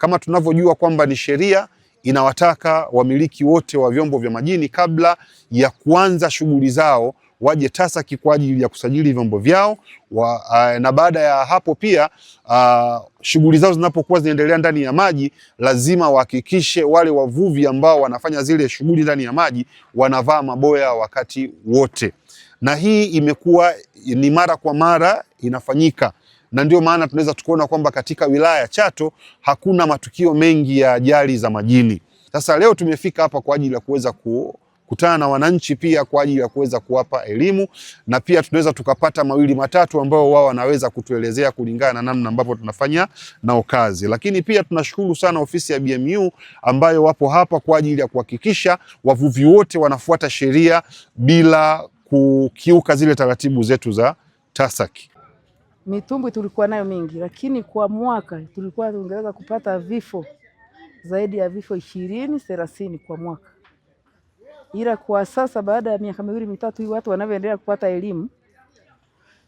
Kama tunavyojua kwamba ni sheria inawataka wamiliki wote wa vyombo vya majini kabla ya kuanza shughuli zao waje TASAC kwa ajili ya kusajili vyombo vyao wa, a, eh, na baada ya hapo pia ah, shughuli zao zinapokuwa zinaendelea ndani ya maji lazima wahakikishe wale wavuvi ambao wanafanya zile shughuli ndani ya maji wanavaa maboya wakati wote, na hii imekuwa ni mara kwa mara inafanyika na ndio maana tunaweza tukaona kwamba katika wilaya ya Chato hakuna matukio mengi ya ajali za majini. Sasa leo tumefika hapa kwa ajili ya kuweza ku kutana na wananchi pia kwa ajili ya kuweza kuwapa elimu na pia tunaweza tukapata mawili matatu ambao wao wanaweza kutuelezea kulingana na namna ambavyo tunafanya nao kazi. Lakini pia tunashukuru sana ofisi ya BMU ambayo wapo hapa kwa ajili ya kuhakikisha wavuvi wote wanafuata sheria bila kukiuka zile taratibu zetu za TASAC. Mitumbwi tulikuwa nayo mingi, lakini kwa mwaka tulikuwa tungeweza kupata vifo zaidi ya vifo ishirini thelathini kwa mwaka, ila kwa sasa baada ya miaka miwili mitatu hii watu wanavyoendelea kupata elimu,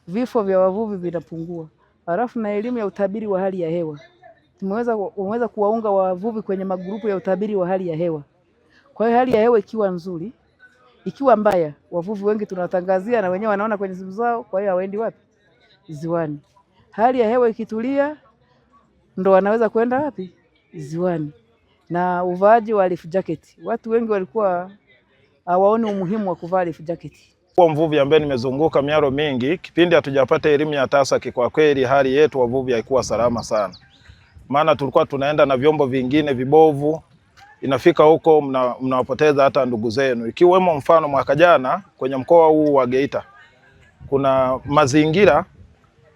vifo vya wavuvi vinapungua, halafu na elimu ya utabiri wa hali ya hewa tumeweza umeweza kuwaunga wavuvi kwenye magrupu ya utabiri wa hali ya hewa. Kwa hiyo hali ya hewa ikiwa nzuri, ikiwa mbaya, wavuvi wengi tunawatangazia na wenyewe wanaona kwenye simu zao, kwa hiyo hawaendi wapi ziwani. Hali ya hewa ikitulia, ndo wanaweza kwenda wapi? Ziwani. Na uvaaji wa life jacket, watu wengi walikuwa hawaoni umuhimu wa kuvaa life jacket. Kwa mvuvi ambaye nimezunguka miaro mingi, kipindi hatujapata elimu ya TASAC, kwa kweli hali yetu wavuvi haikuwa salama sana, maana tulikuwa tunaenda na vyombo vingine vibovu inafika huko mnawapoteza mna hata ndugu zenu, ikiwemo mfano mwaka jana kwenye mkoa huu wa Geita kuna mazingira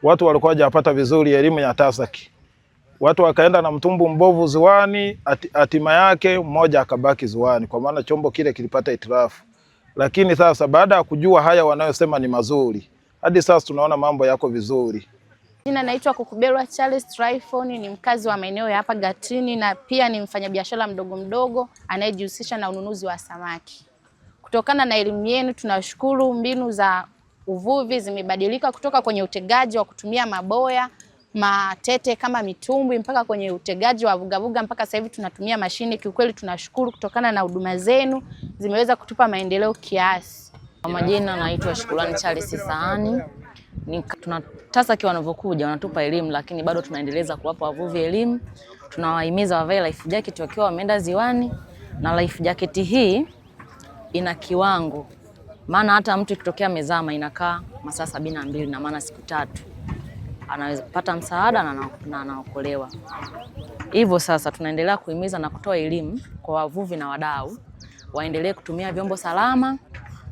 watu walikuwa hawajapata vizuri elimu ya Tasaki, watu wakaenda na mtumbu mbovu ziwani. Hatima yake mmoja akabaki ziwani, kwa maana chombo kile kilipata itirafu. Lakini sasa baada ya kujua haya wanayosema ni mazuri, hadi sasa tunaona mambo yako vizuri. Jina naitwa Kukuberwa Charles Tryphon, ni mkazi wa maeneo ya hapa Gatini na pia ni mfanyabiashara mdogo mdogo anayejihusisha na ununuzi wa samaki. Kutokana na elimu yenu tunashukuru mbinu za uvuvi zimebadilika kutoka kwenye utegaji wa kutumia maboya matete kama mitumbwi mpaka kwenye utegaji wa vugavuga mpaka sasa hivi tunatumia mashine. Kiukweli tunashukuru kutokana na huduma zenu zimeweza kutupa maendeleo kiasi. Kwa majina naitwa Shukrani Charles Sahani. Tunatasakiwa wanavyokuja wanatupa elimu, lakini bado tunaendeleza kuwapa wavuvi elimu. Tunawahimiza wavae life jacket wakiwa wameenda ziwani, na life jacket hii ina kiwango maana hata mtu ikitokea amezama inakaa masaa sabini na mbili na maana siku tatu anaweza kupata msaada na anaokolewa. Hivyo sasa, tunaendelea kuhimiza na kutoa elimu kwa wavuvi na wadau waendelee kutumia vyombo salama,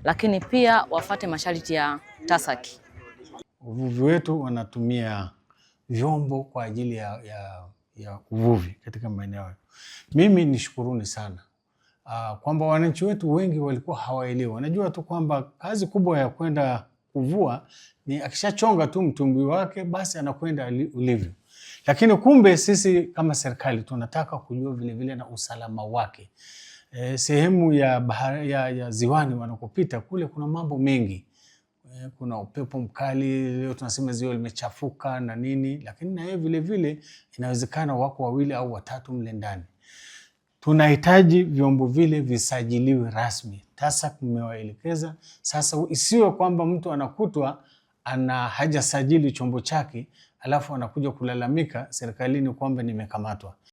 lakini pia wafate masharti ya TASAKI. Wavuvi wetu wanatumia vyombo kwa ajili ya, ya, ya uvuvi katika maeneo hayo. Mimi nishukuruni sana uh, kwamba wananchi wetu wengi walikuwa hawaelewi, wanajua tu kwamba kazi kubwa ya kwenda kuvua ni akishachonga tu mtumbwi wake basi anakwenda ulivyo, lakini kumbe sisi kama serikali tunataka kujua vilevile vile na usalama wake. E, sehemu ya, bahari, ya, ya ziwani wanakopita kule kuna mambo mengi e, kuna upepo mkali, leo tunasema ziwa limechafuka na nini, lakini na yeye inawezekana wako wawili au watatu mle ndani tunahitaji vyombo vile visajiliwe rasmi. TASAC mmewaelekeza sasa, isiwe kwamba mtu anakutwa ana hajasajili chombo chake alafu anakuja kulalamika serikalini kwamba nimekamatwa.